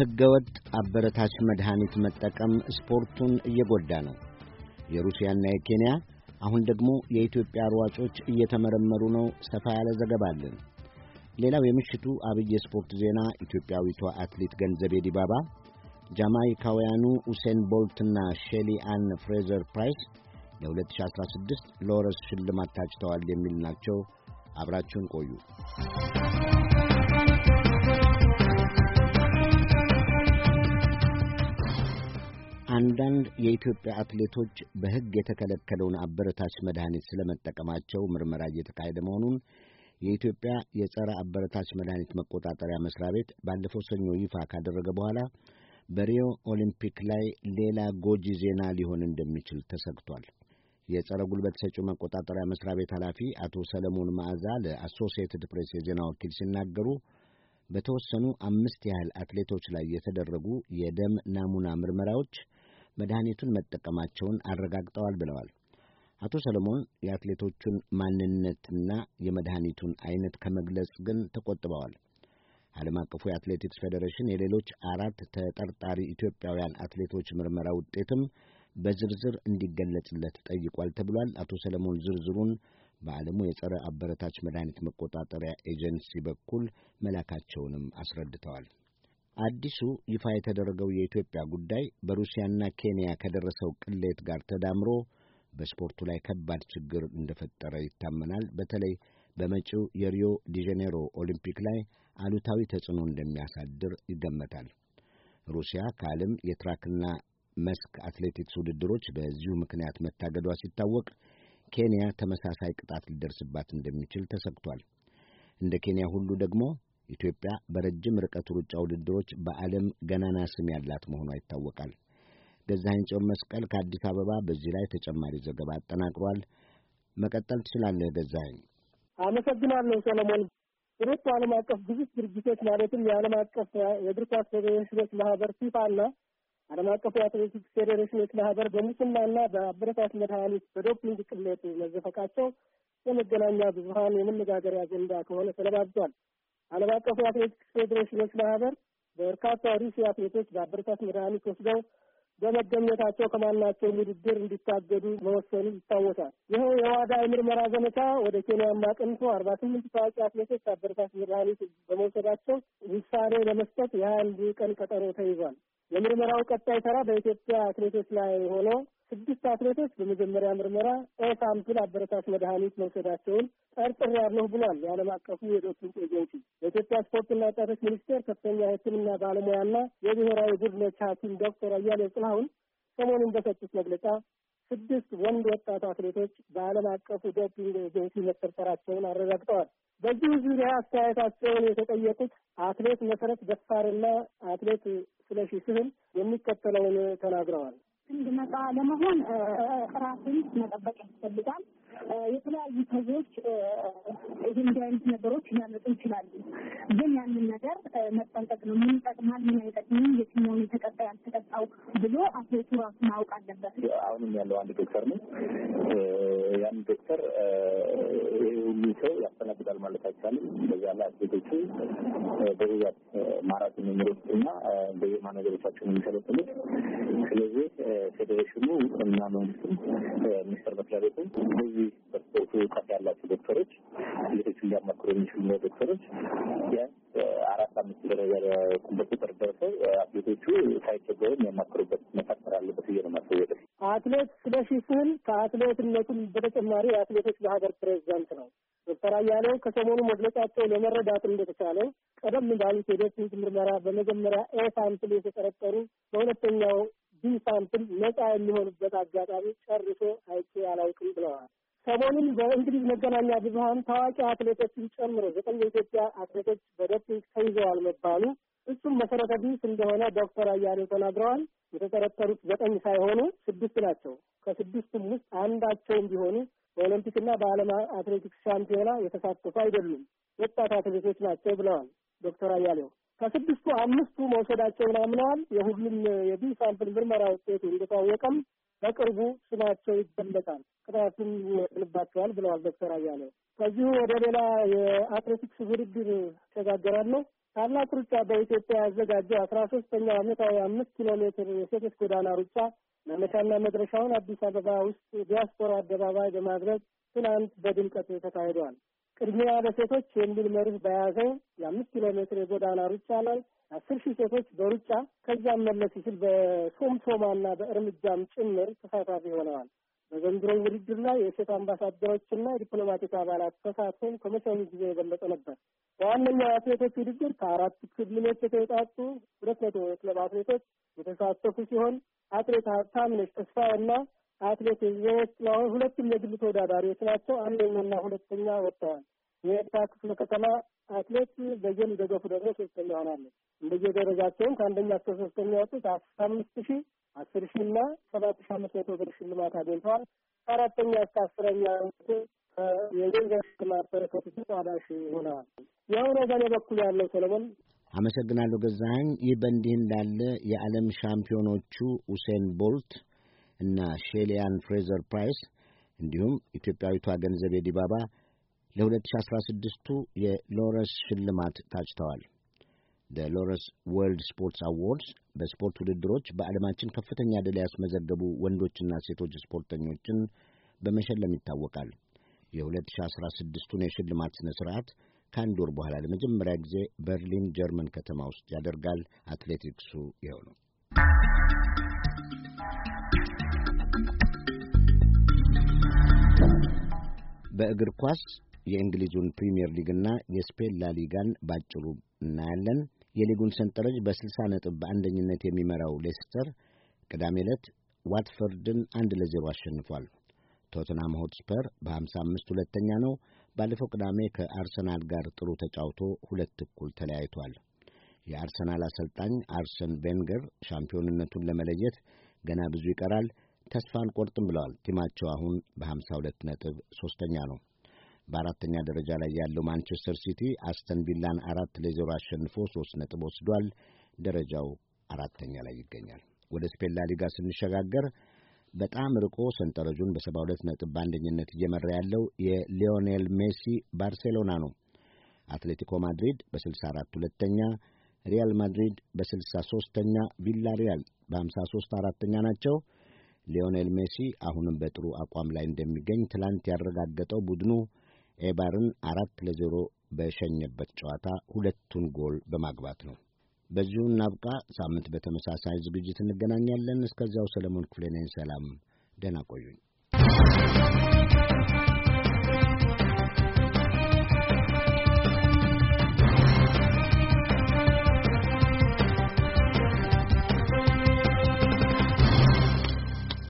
ሕገወጥ አበረታች መድኃኒት መጠቀም ስፖርቱን እየጎዳ ነው። የሩሲያና የኬንያ አሁን ደግሞ የኢትዮጵያ ሯጮች እየተመረመሩ ነው። ሰፋ ያለ ዘገባ አለን። ሌላው የምሽቱ አብይ ስፖርት ዜና ኢትዮጵያዊቷ አትሌት ገንዘቤ ዲባባ፣ ጃማይካውያኑ ሁሴን ቦልትና ሼሊ አን ፍሬዘር ፕራይስ ለ2016 ሎረስ ሽልማት ታጭተዋል የሚል ናቸው። አብራችሁን ቆዩ። አንዳንድ የኢትዮጵያ አትሌቶች በሕግ የተከለከለውን አበረታች መድኃኒት ስለመጠቀማቸው ምርመራ እየተካሄደ መሆኑን የኢትዮጵያ የጸረ አበረታች መድኃኒት መቆጣጠሪያ መስሪያ ቤት ባለፈው ሰኞ ይፋ ካደረገ በኋላ በሪዮ ኦሊምፒክ ላይ ሌላ ጎጂ ዜና ሊሆን እንደሚችል ተሰግቷል። የጸረ ጉልበት ሰጪው መቆጣጠሪያ መስሪያ ቤት ኃላፊ አቶ ሰለሞን ማዕዛ ለአሶሲየትድ ፕሬስ የዜና ወኪል ሲናገሩ በተወሰኑ አምስት ያህል አትሌቶች ላይ የተደረጉ የደም ናሙና ምርመራዎች መድኃኒቱን መጠቀማቸውን አረጋግጠዋል ብለዋል። አቶ ሰለሞን የአትሌቶቹን ማንነትና የመድኃኒቱን አይነት ከመግለጽ ግን ተቆጥበዋል። ዓለም አቀፉ የአትሌቲክስ ፌዴሬሽን የሌሎች አራት ተጠርጣሪ ኢትዮጵያውያን አትሌቶች ምርመራ ውጤትም በዝርዝር እንዲገለጽለት ጠይቋል ተብሏል። አቶ ሰለሞን ዝርዝሩን በዓለሙ የጸረ አበረታች መድኃኒት መቆጣጠሪያ ኤጀንሲ በኩል መላካቸውንም አስረድተዋል። አዲሱ ይፋ የተደረገው የኢትዮጵያ ጉዳይ በሩሲያና ኬንያ ከደረሰው ቅሌት ጋር ተዳምሮ በስፖርቱ ላይ ከባድ ችግር እንደፈጠረ ይታመናል። በተለይ በመጪው የሪዮ ዲጄኔሮ ኦሊምፒክ ላይ አሉታዊ ተጽዕኖ እንደሚያሳድር ይገመታል። ሩሲያ ከዓለም የትራክና መስክ አትሌቲክስ ውድድሮች በዚሁ ምክንያት መታገዷ ሲታወቅ፣ ኬንያ ተመሳሳይ ቅጣት ሊደርስባት እንደሚችል ተሰግቷል። እንደ ኬንያ ሁሉ ደግሞ ኢትዮጵያ በረጅም ርቀት ሩጫ ውድድሮች በዓለም ገናና ስም ያላት መሆኗ ይታወቃል። ገዛኸኝ ጽዮን መስቀል ከአዲስ አበባ በዚህ ላይ ተጨማሪ ዘገባ አጠናቅሯል። መቀጠል ትችላለህ ገዛኸኝ። አመሰግናለሁ ሰለሞን። ሁለቱ ዓለም አቀፍ ግዙፍ ድርጅቶች ማለትም የዓለም አቀፍ የእግር ኳስ ፌዴሬሽኖች ማህበር ፊፋ ፊፋና ዓለም አቀፉ የአትሌቲክስ ፌዴሬሽኖች ማህበር በሙስና በሙስናና በአበረታች መድኃኒት በዶፒንግ ቅሌት መዘፈቃቸው የመገናኛ ብዙሀን የመነጋገሪያ አጀንዳ ከሆነ ሰነባብቷል። ዓለም አቀፉ የአትሌቲክስ ፌዴሬሽኖች ማህበር በርካታ ሩሲ አትሌቶች በአበረታች መድኃኒት ወስደው በመገኘታቸው ከማናቸው ውድድር እንዲታገዱ መወሰኑ ይታወሳል። ይኸው የዋዳ የምርመራ ዘመቻ ወደ ኬንያ ማቅንቶ አርባ ስምንት ታዋቂ አትሌቶች አበረታች መድኃኒት በመውሰዳቸው ውሳኔ ለመስጠት የሀያ አንድ ቀን ቀጠሮ ተይዟል። የምርመራው ቀጣይ ተራ በኢትዮጵያ አትሌቶች ላይ ሆኖ ስድስት አትሌቶች በመጀመሪያ ምርመራ ኤ አምፕል አበረታች መድኃኒት መውሰዳቸውን ጠርጥሬያለሁ ብሏል። የዓለም አቀፉ የዶፒንግ ኤጀንሲ በኢትዮጵያ ስፖርትና ወጣቶች ሚኒስቴር ከፍተኛ ሕክምና ባለሙያና የብሔራዊ ቡድኖች ሐኪም ዶክተር አያሌው ጥላሁን ሰሞኑን በሰጡት መግለጫ ስድስት ወንድ ወጣት አትሌቶች በዓለም አቀፉ ዶፒንግ ኤጀንሲ መጠርጠራቸውን አረጋግጠዋል። በዚህ ዙሪያ አስተያየታቸውን የተጠየቁት አትሌት መሰረት ደፋርና አትሌት ስለሺ ስህል የሚከተለውን ተናግረዋል። እንድመጣ ለመሆን ራስን መጠበቅ ያስፈልጋል። የተለያዩ ሰዎች ይህ እንዲህ አይነት ነገሮች ሊያመጡ ይችላሉ። ግን ያንን ነገር መጠንቀቅ ነው። ምን ይጠቅማል፣ ምን አይጠቅምም፣ የትኛውን የተቀጣ ያልተቀጣው ብሎ አትሌቱ ራሱ ማወቅ አለበት። አሁንም ያለው አንድ ዶክተር ነው ሴቶቹ በብዛት ማራቶን የሚሮጡት እና በየማ ነገሮቻቸውን የሚሰለጥኑት። ስለዚህ ፌዴሬሽኑ እና መንግስትም ሚኒስተር መስሪያ ቤቱም በዚህ በስፖርቱ እውቀት ያላቸው ዶክተሮች ሴቶቹ እንዲያማክሩ የሚችሉ ዶክተሮች አራት አምስት ደረጃ ቁበት ቁጥር ደርሰው አትሌቶቹ ሳይቸገሩ የሚያማክሩበት መፈጠር አለበት ብዬ ነው ማስወደድ አትሌት ስለሺ ስህል ከአትሌትነቱም በተጨማሪ የአትሌቶች ማህበር ፕሬዚዳንት ነው። ዶክተር አያሌው ከሰሞኑ መግለጫቸው ለመረዳት እንደተቻለው ቀደም ባሉት የደህንነት ምርመራ በመጀመሪያ ኤ ሳምፕል የተጠረጠሩ በሁለተኛው ቢ ሳምፕል ነጻ የሚሆኑበት አጋጣሚ ጨርሶ አይቼ አላውቅም ብለዋል። ሰሞኑን በእንግሊዝ መገናኛ ብዙኃን ታዋቂ አትሌቶችን ጨምሮ ዘጠኝ የኢትዮጵያ አትሌቶች በዶፒንግ ተይዘዋል መባሉ እሱም መሰረተ ቢስ እንደሆነ ዶክተር አያሌው ተናግረዋል። የተጠረጠሩት ዘጠኝ ሳይሆኑ ስድስት ናቸው። ከስድስቱም ውስጥ አንዳቸውም ቢሆኑ በኦሎምፒክና በዓለም አትሌቲክስ ሻምፒዮና የተሳተፉ አይደሉም፣ ወጣት አትሌቶች ናቸው ብለዋል ዶክተር አያሌው። ከስድስቱ አምስቱ መውሰዳቸውን አምነዋል። የሁሉም የቢ ሳምፕል ምርመራ ውጤቱ እንደታወቀም በቅርቡ ስማቸው ይገለጣል፣ ቅጣቱም ይወስንባቸዋል ብለዋል ዶክተር አያሌው። ከዚሁ ወደ ሌላ የአትሌቲክስ ውድድር ይሸጋገራል ነው ታላቅ ሩጫ በኢትዮጵያ ያዘጋጀው አስራ ሶስተኛው ዓመታዊ አምስት ኪሎ ሜትር የሴቶች ጎዳና ሩጫ መነሻና መድረሻውን አዲስ አበባ ውስጥ ዲያስፖራ አደባባይ በማድረግ ትናንት በድምቀት ተካሂዷል። ቅድሚያ ለሴቶች የሚል መርህ በያዘው የአምስት ኪሎ ሜትር የጎዳና ሩጫ ላይ አስር ሺህ ሴቶች በሩጫ ከዚያም መለስ ሲል በሶምሶማና በእርምጃም ጭምር ተሳታፊ ሆነዋል። በዘንድሮ ውድድር ላይ የሴት አምባሳደሮችና የዲፕሎማቲክ አባላት ተሳትፎም ከመቼውም ጊዜ የበለጠ ነበር። በዋነኛው የአትሌቶች ውድድር ከአራት ክልሎች የተወጣጡ ሁለት መቶ የክለብ አትሌቶች የተሳተፉ ሲሆን አትሌት ሀብታምነሽ ተስፋዬ እና አትሌት ዘወት ሁለቱም የግል ተወዳዳሪዎች ናቸው። አንደኛና ሁለተኛ ወጥተዋል። የኤርትራ ክፍለ ከተማ አትሌት በየን ደገፉ ደግሞ ሶስተኛ ሆናለች። እንደየደረጃቸውም ከአንደኛ እስከ ሶስተኛ ወጡት አስራ አምስት ሺ አስር ሺ እና ሰባት ሺ አምስት መቶ ብር ሽልማት አግኝተዋል። ከአራተኛ እስከ አስረኛ ወጡ የገንዘብ ማበረከቱ በረከቱ ተቋዳሽ ሆነዋል። የአሁነ በኔ በኩል ያለው ሰለሞን አመሰግናለሁ ገዛኸኝ። ይህ በእንዲህ እንዳለ የዓለም ሻምፒዮኖቹ ሁሴን ቦልት እና ሼሊያን ፍሬዘር ፕራይስ እንዲሁም ኢትዮጵያዊቷ ገንዘቤ ዲባባ ለ2016ቱ የሎረስ ሽልማት ታጭተዋል። ሎረስ ወርልድ ስፖርትስ አዋርድስ በስፖርት ውድድሮች በዓለማችን ከፍተኛ ድል ያስመዘገቡ ወንዶችና ሴቶች ስፖርተኞችን በመሸለም ይታወቃል። የ2016ቱን የሽልማት ሥነ ሥርዓት ከአንድ ወር በኋላ ለመጀመሪያ ጊዜ በርሊን ጀርመን ከተማ ውስጥ ያደርጋል። አትሌቲክሱ ይኸው ነው። በእግር ኳስ የእንግሊዙን ፕሪምየር ሊግና የስፔን ላሊጋን ባጭሩ እናያለን። የሊጉን ሰንጠረዥ በ60 ነጥብ በአንደኝነት የሚመራው ሌስተር ቅዳሜ ዕለት ዋትፈርድን አንድ ለዜሮ አሸንፏል። ቶትናም ሆትስፐር በ55 ሁለተኛ ነው። ባለፈው ቅዳሜ ከአርሰናል ጋር ጥሩ ተጫውቶ ሁለት እኩል ተለያይቷል። የአርሰናል አሰልጣኝ አርሰን ቬንገር ሻምፒዮንነቱን ለመለየት ገና ብዙ ይቀራል፣ ተስፋ አንቆርጥም ብለዋል። ቲማቸው አሁን በ52 ነጥብ ሦስተኛ ነው። በአራተኛ ደረጃ ላይ ያለው ማንቸስተር ሲቲ አስተን ቪላን አራት ለዜሮ አሸንፎ ሶስት ነጥብ ወስዷል። ደረጃው አራተኛ ላይ ይገኛል። ወደ ስፔን ላሊጋ ስንሸጋገር በጣም ርቆ ሰንጠረዡን በሰባ ሁለት ነጥብ በአንደኝነት እየመራ ያለው የሊዮኔል ሜሲ ባርሴሎና ነው። አትሌቲኮ ማድሪድ በ አራት ሁለተኛ፣ ሪያል ማድሪድ በ 63 ተኛ፣ ቪላ ሪያል በ53 አራተኛ ናቸው። ሊዮኔል ሜሲ አሁንም በጥሩ አቋም ላይ እንደሚገኝ ትላንት ያረጋገጠው ቡድኑ ኤባርን አራት ለዜሮ በሸኘበት ጨዋታ ሁለቱን ጎል በማግባት ነው። በዚሁ እናብቃ። ሳምንት በተመሳሳይ ዝግጅት እንገናኛለን። እስከዚያው ሰለሞን ክፍሌ ነኝ። ሰላም፣ ደህና ቆዩኝ።